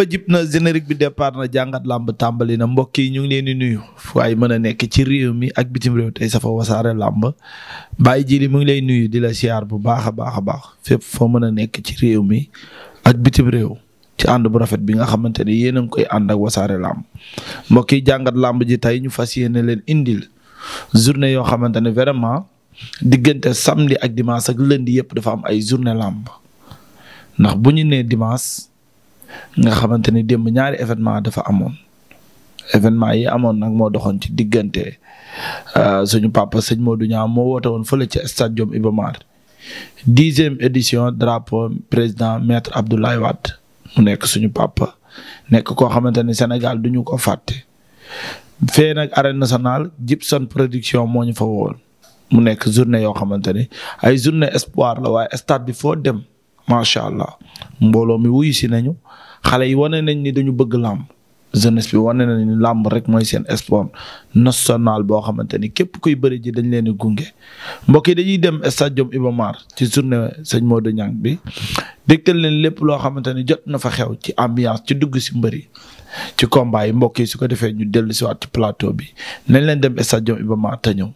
ba jib na générique bi départ na jàngat làmb tàmbali na mbokk yi ñu ngi leen di nuyu waaye mën a nekk ci réew mi ak bitim réew tey safa wasaare làmb bàyyi ji li ngi lay nuyu di la bu baax baax a baax fépp foo mën a nekk ci réew mi ak bitim réew ci ànd bu rafet bi nga xamante ne yéen a ngi koy ànd ak wasaare làmb mbokk yi jàngat làmb ji tey ñu fas yéene leen indil journée yoo xamante ne vraiment diggante samdi ak dimanche ak lundi yëpp dafa am ay journée làmb ndax bu ñu nee dimanche. nga xamante ni démb ñaari événement dafa amoon événement yi amoon nag moo doxoon ci diggante euh, suñu papa sëñ Modou Niang moo woote woon fële ci stade Diop Iba Mar dixième édition drapeau président maître Abdoulaye Wade mu nekk suñu papa nekk koo xamante ni Sénégal duñu ko fàtte fee nag arène nationale Gibson production moo ñu fa woon mu nekk journée yoo xamante ni ay journée espoir la waaye stade bi foo dem macha allah mbooloo mi wuyu si nañu xale yi wane nañ ni dañu bëgg làmb jeunesse wane nañ ni làmb rek mooy seen sport national boo xamante ni képp kuy bëri ji dañ leen di gunge. mbokk yi dañuy dem stadium Iba ci journée sëñ Modou Niang bi dégtal leen lépp loo xamante ni jot na fa xew ci ambiance ci dugg si mbëri ci combat yi mbokk yi su ko defee ñu dellu si waat ci plateau bi nañ leen dem stadium Iba Mar te ñëw.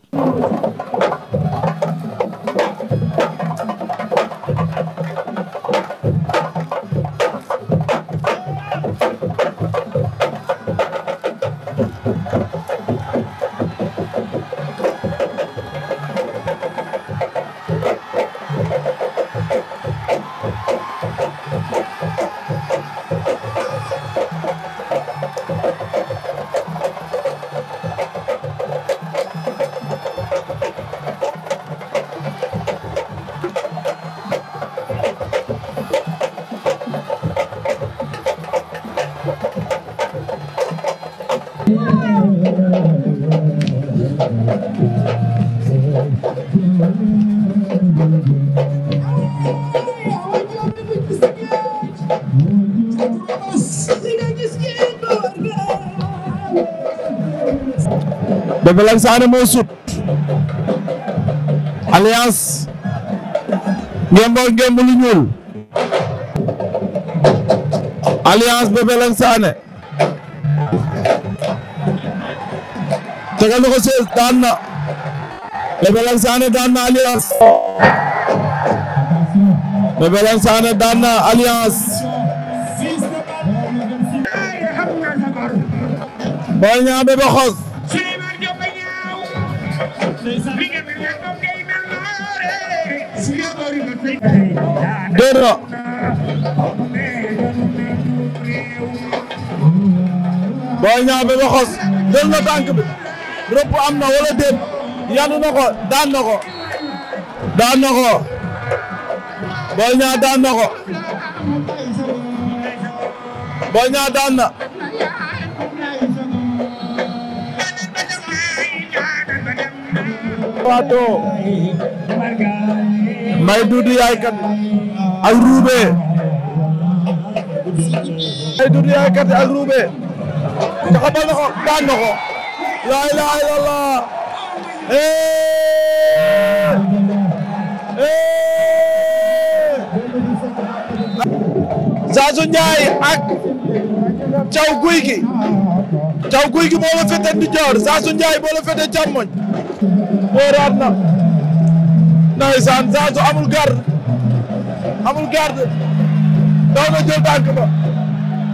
Albé Lac Sané moo sut alliance ngem ñuul alliance Bébé Lac Sané tegal na ko sees daan na Bébé Lac Sané daan na alliance Bébé door na Boy Niang Bébé Xoss jël na bi rëpp am na wala déet yanu na ko daan na ko daan na ko Boy Niang daan na ko Boy Niang daan na waatoo mbay duudu yaay kat ak ruube mbay duudu yaay kat ak la ilaha illallah eh eh Zazu Ndiaye ak Thiaw Gouy Gui Thiaw Gouy Gui moo fete ndijoor Zazu Ndiaye moo fete càmmoñ booraat na ndeysaan Zazu amul garde amul garde daw na jël tànk ba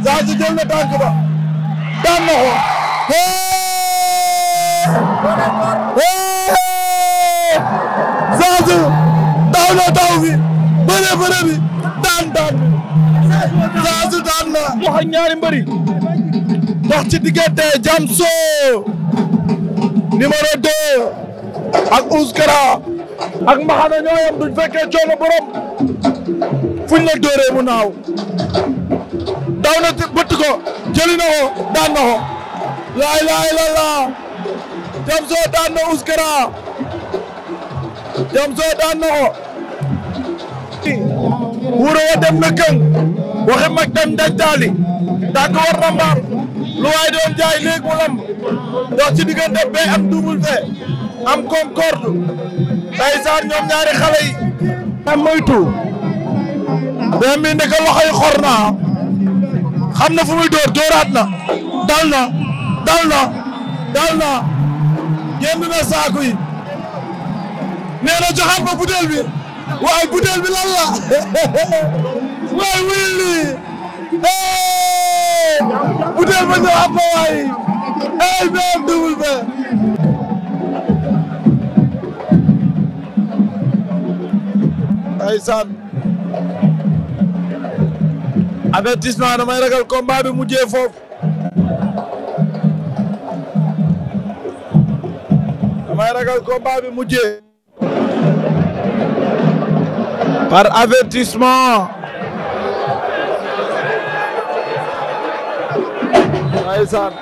Zazu jël na tànk ba daan na ko Zazu daw na daw bi bëre bëre bi daan daan Zazu daan na wax ak ñaari mbëri dox ci diggante Jamso numéro 2 ak Ouz Kara ak Mbaxana ñoo yem duñ fekkee coono borom fuñ la dóoree naaw daw na bëtt ko jëli na ko daan na ko laa ilaaha illallaah Diamso daan na Ouz Kara Diamso daan na ko wuro wa dem na këng waxi mag dem daj taali tànk war na mbaar lu waay doon jaay léegi mu lamb dox ci diggante bee ak double fee am concorde ndeysaan ñoom ñaari xale yi am moytu benn bi ndeke loxo yi xam na fu muy door dooraat na dal na dal na dal yi nee na joxaat ma butéel waaye butéel bi lan waaye wili butéel ba ñëw am ma waaye ay BMW ndeysaan avertissement damay ragal combat bi mujjee foofu damay ragal combat bi mujjee par avertissement ndeysaan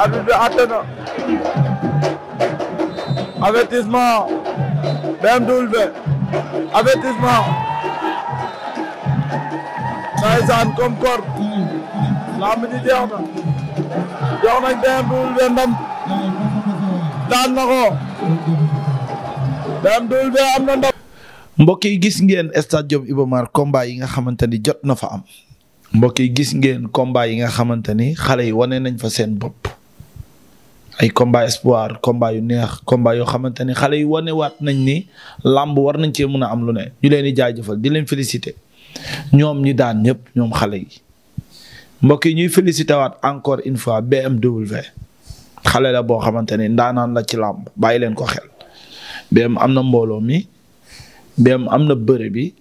arbitre bi àtte na avertissement BMW avertissement ndeysaan comme kor lamb ji jeex na jox nañ BM Double ndam daan na ko BM Double am na ndam mbokk yi gis ngeen stade Diop Iba Mar yi nga xamante ni jot na fa am mbokk yi gis ngeen combat yi nga xamante ni xale yi wane nañ fa seen bopp ay combat espoir combat yu neex combat yoo xamante ni xale yu waat nañ ni làmb war nañ cee mun a am lu ne ñu leen di jaajëfal di leen féliciter ñoom ñi daan ñëpp ñoom xale yi mbokk yi ñuy féliciter waat encore une fois BMW xale la boo xamante ni ndaanaan la ci làmb bàyyi leen ko xel am na mbooloo mi BM am na bëre bi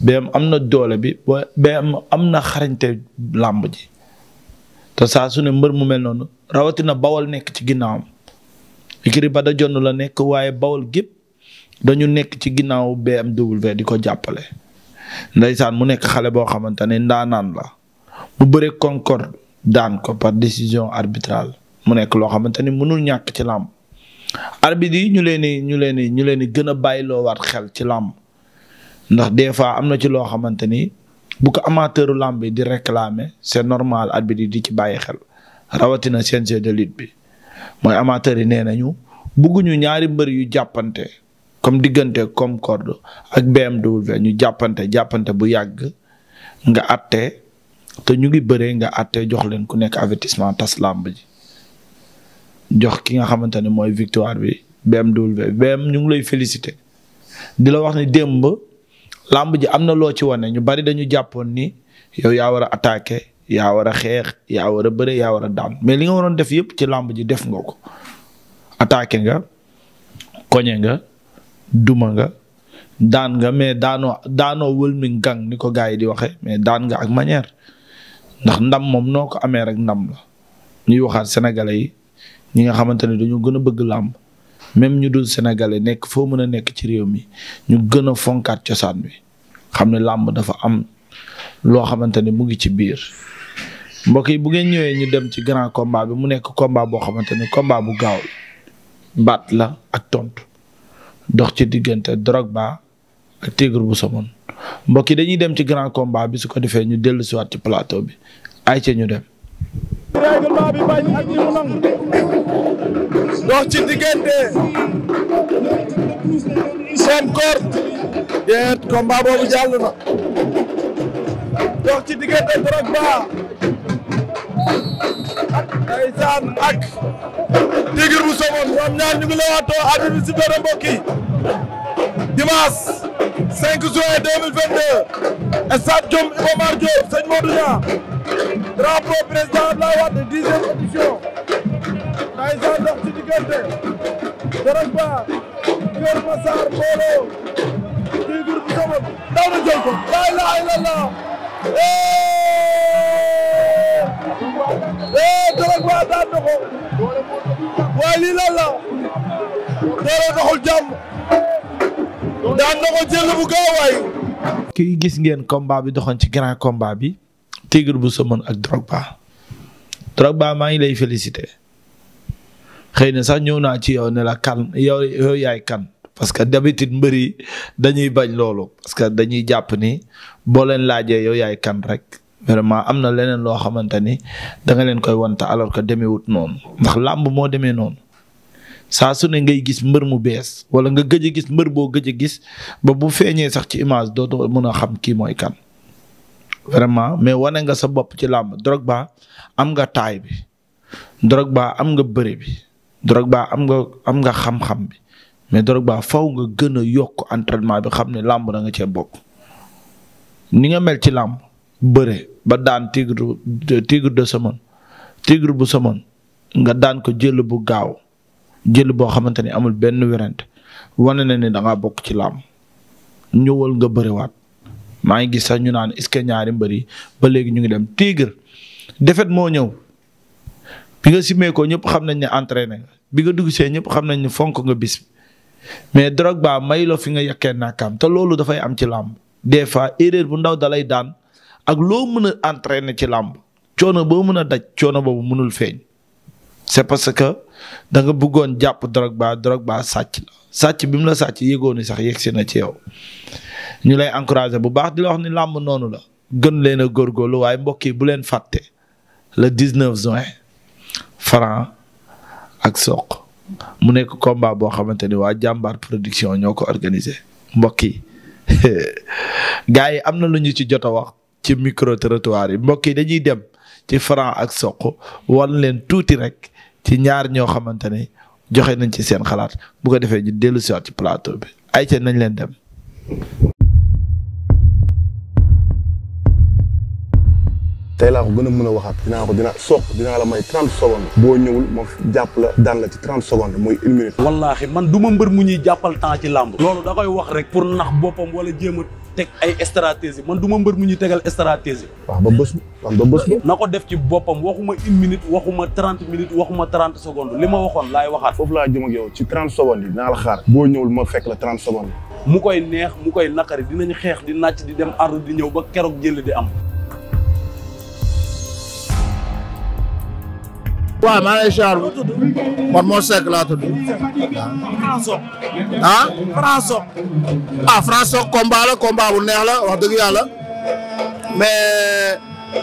BM am na doole bi BM am na xarañte làmb ji te saa su ne mbër mu mel noonu. rawatina bawal nekk ci ginnaawam écurie ba da jonn la nekk waaye bawal gépp dañu nekk ci ginnaaw BMW di ko jàppale ndeysaan mu nekk xale boo xamante ne ndaanaan la mu bëre Concorde daan ko par décision arbitrale mu nekk loo xamante ni mënul ñàkk ci làmb arbitre yi ñu leen di ñu leen di ñu leen di gën a bàyyiloo waat xel ci làmb ndax des fois am na ci loo xamante ni bu ko amateuru làmb yi di réclamer c'est normal arbitre yi di ci bàyyi xel rawatina CNG de lutte bi mooy amateur yi nee nañu bugguñu ñaari mbër yu jàppante comme diggante comme corde ak BMW ñu jàppante jàppante bu yàgg nga àtte te ñu ngi bëree nga àtte jox leen ku nekk avertissement tas làmb ji jox ki nga xamante ne mooy victoire bi BMW BM ñu ngi lay félicité di la wax ni démb làmb ji am na loo ci wane ñu bari dañu jàppoon ni yow yaa war a yaa war a xeex yaa war a bëre yaa war a daan mais li nga waroon def yëpp ci làmb ji def nga ko attaqué nga koñe nga duma nga daan nga mais daanoo daanoo wëlmi gang ni ko gars yi di waxe mais daan nga ak manière ndax ndam moom noo ko amee rek ndam la ñuy waxaat sénégalais yi ñi nga xamante ne dañu gën a bëgg làmb même ñu dul sénégalais nekk foo mën a nekk ci réew mi ñu gën a fonkaat cosaan bi xam ne làmb dafa am loo xamante ne ci biir mbokk yi bu ngeen ñëwee ñu dem ci grand combat bi mu nekk combat boo xamante ni combat bu gaaw baat la ak tontu dox ci diggante Drogba ak Tigre bu Somone mbokk yi dañuy dem ci grand combat bi su ko defee ñu dellu si waat ci plateau bi ay ca ñu dem. dox ci diggante seen koor ndeysaan ak Tigre bu Somone ñoom ñaar ñu ngi leewaatoo arbitre bi sifflé na mbokk yi dimanche 5 juin 2022 stade Diom Iba Mar Diop sëñ Modou président Abdoulaye Wade dixième édition ndeysaan dox ci diggante Dorog Ba Kër Massar Mbolo Tigre na jël ko la ilaha illallah Dorog ba lii lan la Dorog gis ngeen combat bi doxoon ci grand combat bi Tigre bu Somone ak Dorog ba maa ngi lay félicité xëy na sax ñëw naa ci yow ne la kan yow yaay kan. parce que d'habitude mbër yi dañuy bañ loolu parce que dañuy jàpp ni booleen leen laajee yow yaay kan rek vraiment am na leneen loo xamante ni da leen koy wante alors que demeewut noonu ndax làmb moo demee noonu saa su ne ngay gis mbër mu bees wala nga gëj a gis mbër boo gëj a gis ba bu feeñee sax ci image doo mën a xam kii mooy kan. vraiment mais wane nga sa bopp ci làmb Drogba am nga taay bi Drogba am nga bëre bi Drogba am nga am nga xam-xam bi mais Drogba faw nga gën a yokk entraînement bi xam ne làmb na nga cee bokk ni nga mel ci làmb. bëre ba daan tigre tigre de samon tigre bu samon nga daan ko jël bu gaaw jël boo xamante ni amul benn werante wane na ne da bokk ci làmb ñëwal nga bëriwaat maa ngi gis sax ñu naan est-ce que ñaari mbër yi ba léegi ñu ngi dem tigre defet moo ñëw bi nga simee ko ñëpp xam nañ ne entraîné ne bi nga dugg see ñëpp xam nañ ni fonk nga bis mais Drogba may lo fi nga yekkee nakam te loolu dafay am ci làmb des fois erreur bu ndaw dalay daan ak loo mën a na ci làmb coono boo mën a daj coono boobu mënul feeñ. c'est parce que da nga bëggoon jàpp Drogba Drogba sàcc la sàcc bi mu la sàcc yëgoo ni sax yegsi na ci yow ñu lay encourager bu baax di la wax ni làmb noonu la. gën leen a góorgóorlu waaye mbokk yi bu leen fàtte le 19 juin Franc ak soq mu nekk combat boo xamante ni waa jàmbaar production ñoo ko organisé mbokk yi gars yi am na lu ñu ci jot a wax ci micro trottoir yi mbokk yi dañuy dem ci Franc ak Sokh wan leen tuuti rek ci ñaar ñoo xamante ne joxe nañ ci seen xalaat bu ko defee ñu dellu siwaat ci plateau bi ay ca nañ leen dem tey laa ko gën a mën a waxaat dinaa ko dina soq dinaa la may 30 secondes boo ñëwul ma jàpp la daan la ci 30 secondes muy une minute man du ma mbër mu ñuy jàppal temps ci làmb loolu da koy wax rek pour nax boppam wala jéem teg ay stratégie man du ma mbër mu ñuy tegal stratégie. waaw ba bës waaw ba bës na ko def ci boppam waxuma une minute waxuma trente minutes waxuma trente secondes li ma waxoon laay waxaat. foofu laa jëm ak yow ci trente secondes yi naa la xaar. boo ñëwul ma fekk la trente secondes. mu koy neex mu koy naqari dinañ xeex di nàcc di dem ardu di ñëw ba keroog jël di am. waaw maa ngi lay ziar man moo laa tudd. ah. Fransoc. ah Fransoc combat la bu neex la wax dëgg yàlla mais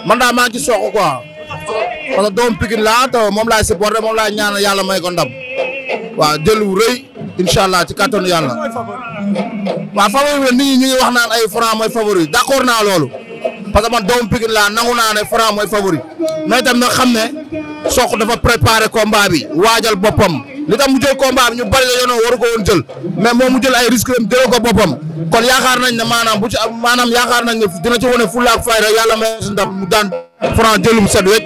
man daa maa ngi ci soq quoi doom Pikine laa te moom laay supporté moom laay ñaanal yàlla mooy ko ndam waaw jël wu rëy incha allah ci kattanu yàlla. favori bi nit ñi wax naan ay Franc mooy favori d'accord naa loolu parce man doom Pikine laa nangu naa ne Franc mooy favori mais itam nag xam ne. soq dafa préparé combat bi waajal boppam li tax mu jël combat bi ñu bari la yoonoo waru ko woon jël mais moom mu jël ay risque am jëloo ko boppam kon yaakaar nañ ne maanaam bu ci maanaam yaakaar nañ ne dina ci wane fulla ak fayda yàlla may si ndam mu daan Franc jëlum set wecc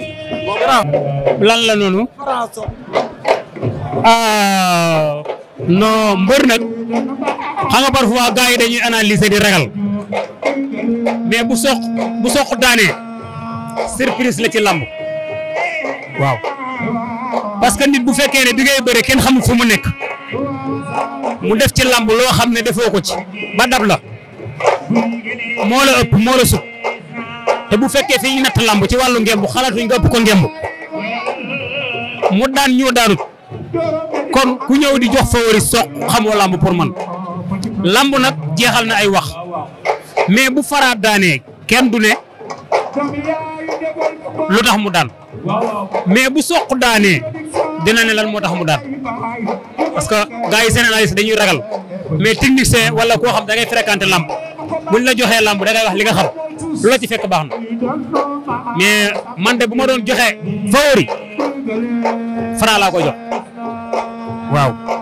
lan la noonu. ah non mbër nag xam nga parfois gars yi dañuy analyser di ragal mais bu soq bu soq daanee surprise la ci lamb. waaw parce que nit bu fekkee ne bi ngay bëre kenn xamul fu mu nekk mu def ci lamb loo xam ne defoo ko ci ba dab la moo la ëpp moo la sut te bu fekkee fi ñu natt làmb ci wàllu ngemb xalaatuñ nga ëpp ko ngemb mu daan ñoo daanut kon ku ñëw di jox favori soq xamoo làmb pour man làmb nag jeexal na ay wax mais bu faraat daanee kenn du ne lu tax mu daan mais bu soq daanee dina ne lan moo tax mu daan parce que gars yi seen analyse dañuy ragal mais technicien wala koo xam da ngay fréquenter bu buñ la joxee làmb da ngay wax li nga xam lu la ci fekk baax na mais man de bu ma doon joxe favori Franc laa ko jox waaw.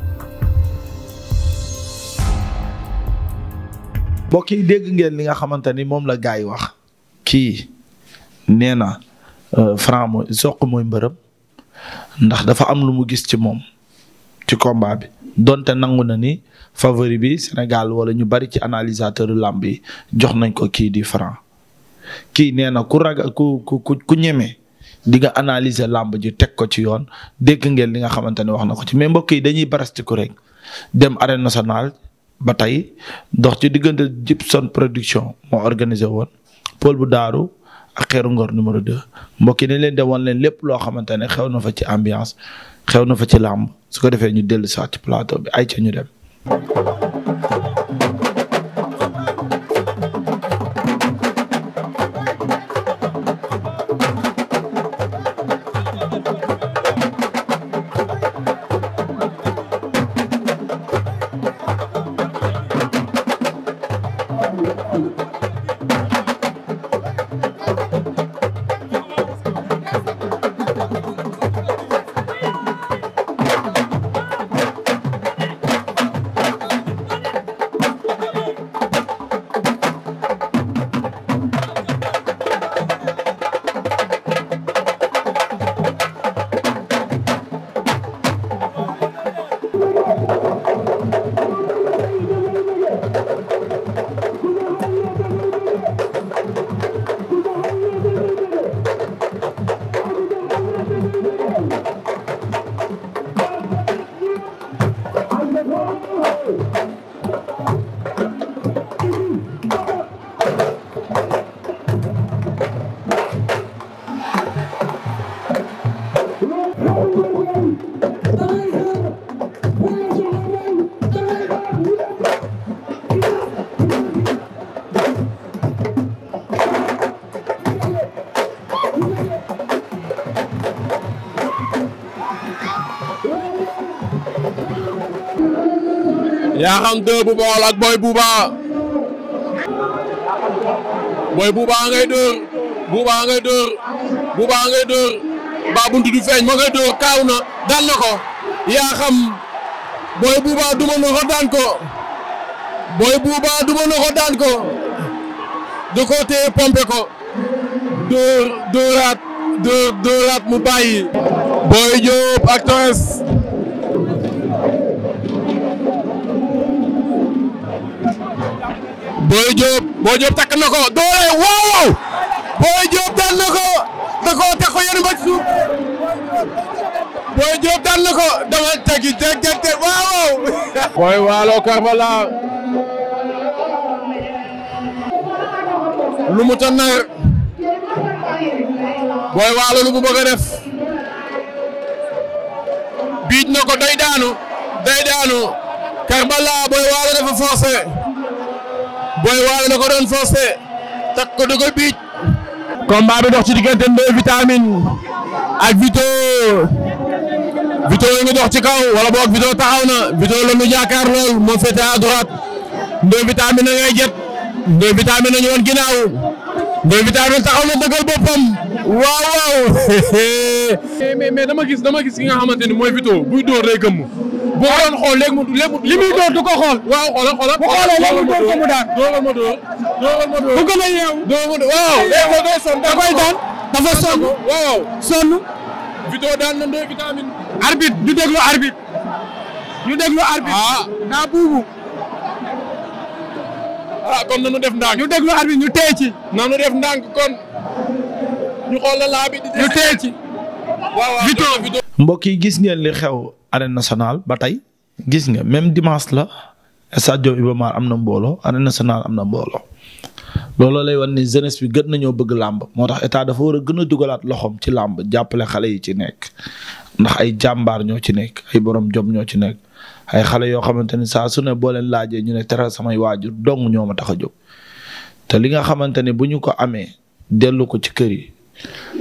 mbokk yi dégg ngeen li nga xamante ni moom la gars yi wax kii nee na euh, Franc mooy Sokh mooy mbërëm ndax dafa am lu mu gis ci moom ci combat bi donte nangu na ni favori bi Sénégal wala ñu bari ci analysateur làmb yi jox nañ ko kii di Franc kii nee na ku raga ku ku ku ñeme di nga làmb ji teg ko ci yoon dégg ngeen li nga xamante ne wax na ko ci mais mbokk yi dañuy barastiku rek dem arène national ba tey dox ci diggante Gibson production moo organisé woon pool bu daaru ak xeeru ngor numéro 2 mbokk yi dañ leen de woon leen lépp loo xamante ne xew na fa ci ambiance xew na fa ci làmb su ko defee ñu dellu saat ci plateau bi ay ca ñu dem. Yaxam 2 bu Bawol ak Boy Bouba Boy Bouba ngay dóor Bouba ngay dóor Bouba ngay dóor ba feeñ moo ngay dóor kaaw na daan na ko Yaxam Boy Bouba duma na ko daan daan ko de côté pompe ko dóor dóor dóoraat mu bàyyi Boy Diop ak Boy Diop Boy Diop takk na ko doole waaw waaw Boy Diop daan na ko da koo teg lu mu tan nar Boy Waalo lu mu bëgg def biij na ko daanu day daanu Karbala Boy Waalo dafa forcé. Boy Walo na ko doon forcé takk ko du ko biic combat bi dox ci diggante Ndoye Vitamine ak Vito Vito la ngi dox ci kaw wala boog Vito taxaw na Vito la ñu jaakaar lool moo féete à droite Ndoye a ngay jet Ndoye a ñu woon ginnaaw Ndoye Vitamine taxaw na dëggal boppam waaw waaw mais mais dama gis dama gis ki nga xamante ni mooy Vito buy dóor day boo doon xool léegi mu léegi mu. du ko xool. bu xoolee léegi mu doon ko mu daan. bu gën a yeewu. doon ma doon waaw. léegi da koy sonn da daan dafa sonn. waaw na deux vitamine. arbitre ñu déglu arbitre. Ah. Ah, kon nanu def ndànk. ñu déglu arbitre ñu téye def ndànk kon. ñu xool la laa bi di. ñu téye ci. waaw waaw Vito mbokk yi gis ngeen li xew. arène nationale ba tey gis nga même dimanche la stade Iba Mar am na mbooloo arène nationale am na mbooloo looloo lay wan ni jeunesse bi gën nañoo bëgg làmb moo tax état dafa war a gën a dugalaat loxoom ci làmb jàppale xale yi ci nekk ndax ay jàmbaar ñoo ci nekk ay borom job ñoo ci nekk ay xale yoo xamante ni saa su ne boo leen laajee ñu ne teral samay waajur dong ñoo ma tax a jóg te li nga xamante ne bu ñu ko amee dellu ko ci kër yi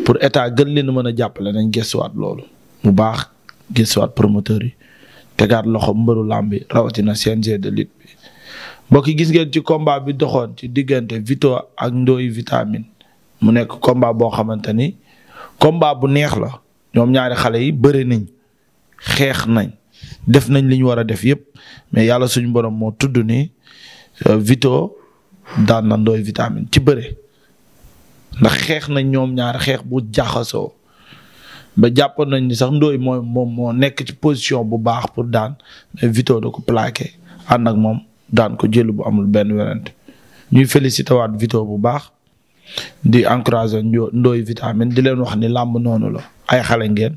pour état gën leen mën a jàppale nañ gëstuwaat loolu mu baax gis gëstuwaat promoteur yi tegaat loxo mbaru làmb rawatina CNG de lutte bi. mbokk yi gis ngeen ci combat bi doxoon ci diggante Vito ak Ndoye Vitamine mu nekk combat boo xamante ni combat bu neex la ñoom ñaari xale yi bëri nañ xeex nañ def nañ li ñu war a def yëpp mais yàlla suñu borom moo tudd ni euh, Vito daan na Ndoye Vitamine ci bëre ndax xeex nañ ñoom ñaari xeex bu jaxasoo. ba jàppoon nañ ni sax ndooy mooy moom moo nekk ci position bu baax pour daan mais Vito da ko plaqué ànd ak moom daan ko jël bu amul benn werante ñuy félicité waat Vito bu baax di encouragé ndooy vitamine di leen wax ni làmb noonu la ay xale ngeen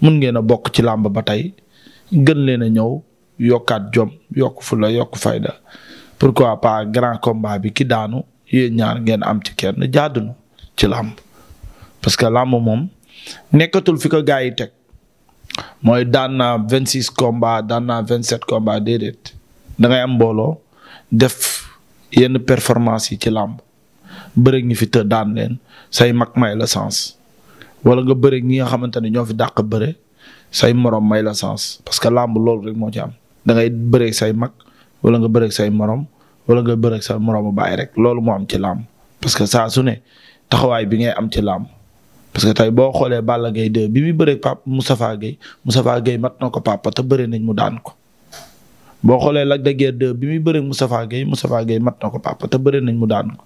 mun ngeen a bokk ci làmb ba tey gën leen a ñëw yokkaat jom yokk la yokk fayda pourquoi par grand combat bi ki daanu yéen ñaar ngeen am ci kenn jaadunu ci làmb parce que làmb moom nekkatul fi ko gaa yi teg mooy daan naa vingt six combat daan naa vingt sept komba déedéet da ngay am mbooloo def yenn performance yi ci làmb bëreeg ñi fi të daan say mag may la sens wala nga bëreeg ñi nga xamante ne ñoo fi dàq bëre say morom may la sens parce que làmb loolu rek moo ci am da ngay bëreeg say mag wala nga bëreeg say moroom wala nga bëreeg say morom bàyyi rek loolu moo am ci làmb parce que saa su ne taxawaay bi ngay am ci làmb parce que tey boo xoolee Balla Gaye 2 bi muy bëreeg Pape Moustapha Guèye Moustapha Guèye mat na ko papa te bëri nañ mu daan ko. boo xoolee Lac de bi muy bëreeg Moustapha Guèye Moustapha Guèye mat na ko papa te bëri nañ mu daan ko.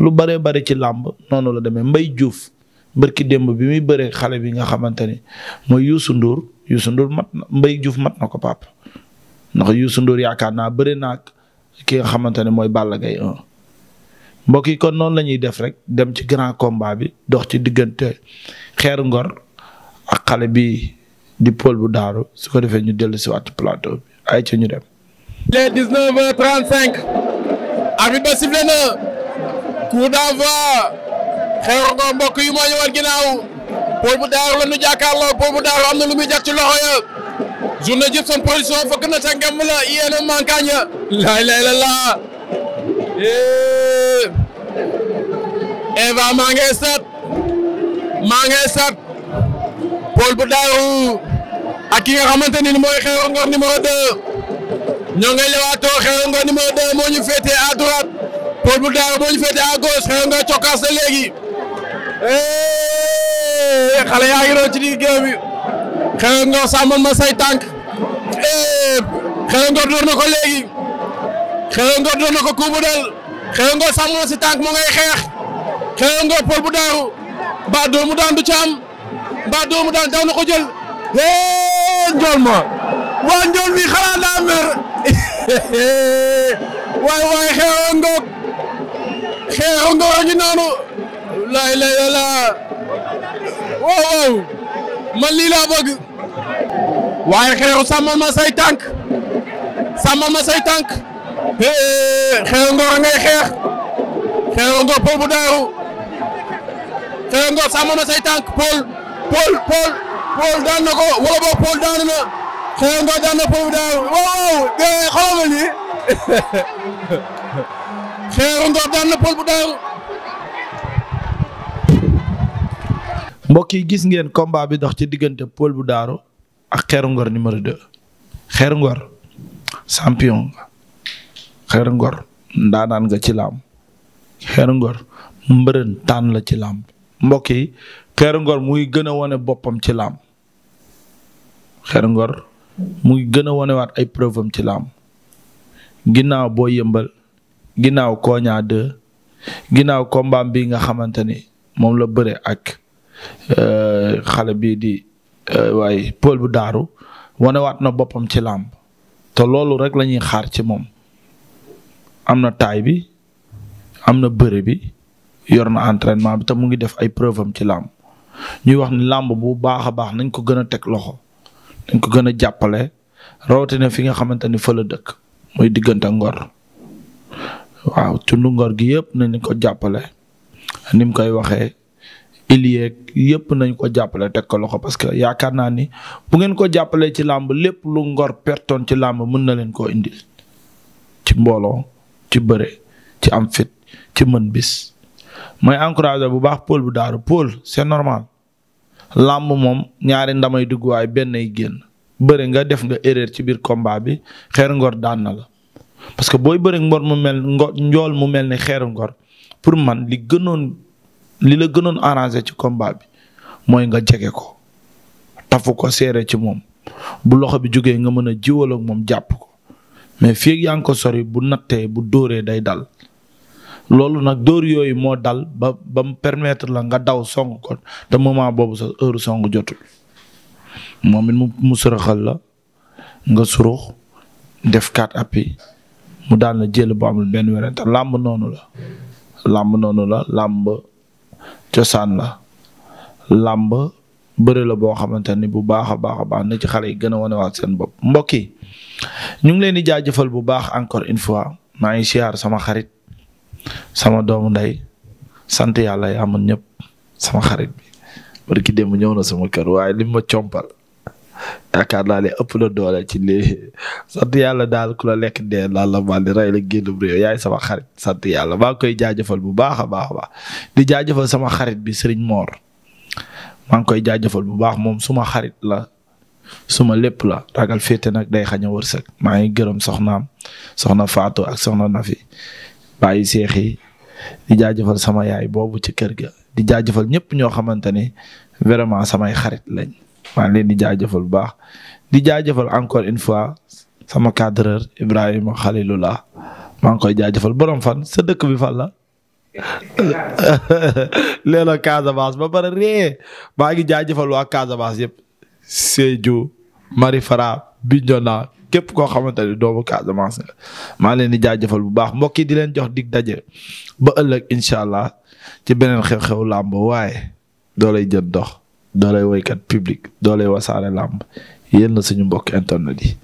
lu bëree bëri ci làmb noonu la demee mbay Mbaye Diouf ki démb bi muy bëree xale bi nga xamante ni mooy Youssou Ndour Youssou Ndour mat na Mbaye mat na ko papa ndax Youssou Ndour yaakaar naa bëri naag ki nga xamante ne mooy Balla Gaye mbokk yi kon noonu lañuy def rek dem ci grand combat bi dox ci diggante xeeru ngor a xale bi di pol bu daaru su ko defee ñu dellu si waat plateau ay ci ñu dem. il est ba sifflé na. coup d'envoi. xeeru ngor mbokk yi moo ñëwaat ginnaaw. Paul bu daaru la ñu jàkkaarloo Paul bu daaru am na lu muy jag ci loxo ya. journée Jibson production fëkk na ca ngem la yéen a mankañ. lay lay la laa. Eva maa ngi sat maa ngi sat Paul bu Daaru ak ki nga xamante ni mooy Xeweru Ngor numéro 2 ñoo ngay lewaatoo Xeweru Ngor numéro 2 moo bu Daaru moo ñu féetee à gauche Xeweru Ngor cokkaas na léegi xale yaa ngi doon ci digg géew bi Xeweru ko léegi Xeweru Ngor door ko kuubu dal Xeweru Ngor si tànk moo ngay xeex. xeex nga Paul bu daaru ba doomu daan du caam ba doomu hee njool ma waa njool mi xalaat daa mer waay waay xeexoo a la waaw waaw man lii laa bëgg waaye xeexu sàmmal ma say tànk sàmmal ma say tànk xeexoo ngoog a bu daaru Seye Ngor say tànk Paul Paul Paul daan na ko wala boog Paul daan na Seye daan na Paul bu daaru mbokk yi gis ngeen combat bi dox ci diggante pol bu daaru ak Xeeru Ngor numéro 2 Xeeru Ngor champion nga ci làmb Xeeru Ngor mbërën la ci làmb mbokk yi Xeeru Ngor muy gën a wane boppam ci laam Xeeru Ngor muy gën a wanewaat ay preuve ci laam ginnaaw boo yëmbal ginnaaw Koña 2 ginnaaw mbaam bi nga xamante ni moom la bëre ak euh, xale bii di euh, waaye Paul bu daaru wanewaat na boppam ci làmb te loolu rek lañuy xaar ci moom am na taay bi am na bëre bi yor na entraînement bi tam mu ngi def ay preuve ci làmb ñuy wax ni làmb bu baax a baax nañ ko gën a teg loxo nañ ko gën a jàppale rawatina fi nga xamante ni fa dëkk muy diggante ngor waaw tundu ngor gi yëpp nañ ko jàppale ni mu koy waxee iliyeeg yëpp nañ ko jàppale teg ko loxo parce que yaakaar naa ni bu ngeen ko jàppalee ci làmb lépp lu ngor pertoon ci làmb mën na leen koo indi ci mbooloo ci bëre ci am fit ci mën bis mooy encouragé bu baax Paul bu daaru Paul c'est normal làmb moom ñaari ndamay dugg waaye benn ay génn bëri nga def nga erreur ci biir combat bi xeer ngor daan na la. parce que booy bëri ngor mu mel ngo njool mu mel ni xeer ngor pour man li gënoon li la gënoon arrangé ci komba bi mooy nga jege ko tafu ko seere ci moom bu loxo bi jógee nga mën a jiwal moom jàpp ko mais fii yaa ngi ko sori bu nattee bu dóoree day dal. loolu nag dóor yooyu moo dal ba ba mu permettre la nga daw song ko te moment boobu sa heure song jotul moom it mu mu suraxal la nga surux def quatre appuis mu daan la jël bu amul benn werante làmb noonu la làmb noonu la làmb cosaan la làmb bëre la boo xamante ni bu baax a baax a baax na ci xale yi gën a wanewaat seen bopp mbokk yi ñu ngi leen di jaajëfal bu baax encore une fois maa ngi siyaar sama xarit sama doomu nday sant yàlla yaa ñëpp sama xarit bi bari ki démb ñëw na sama kër waaye li ma compal yaakaar naa ne ëpp la doole ci lii sant yàlla daal ku la lekk dee daal la man génn yaay sama xarit sant yàlla maa ngi koy jaajëfal bu baax a baax baax di jaajëfal sama xarit bi Serigne moor maa ngi koy jaajëfal bu baax moom suma xarit la suma lépp la ragal féete nag day xañ a wërsëg maa ngi gërëm soxnaam soxna faatoo ak soxna Nafi bàyyi seex di jaajëfal sama yaay boobu ci kër ga di jaajëfal ñëpp ñoo xamante ne vraiment samay xarit lañ maa leen di jaajëfal bu baax di jaajëfal encore une fois sama cadreur Ibrahima Khalilullah maa ngi koy jaajëfal borom fan sa dëkk bi fan la. léeg-léeg Casamance ba pare ree maa ngi jaajëfal waa Casamance yëpp Sédhiou Mari Fara Bignona képp koo xamante ne doomu Casamance maa leen di jëfal bu baax mbokk yi di leen jox dig daje ba ëllëg incha allah ci beneen xew-xew làmb waaye doo lay jël dox doo lay woykat public doo lay wasaare làmb yéen la suñu mbokk internet yi.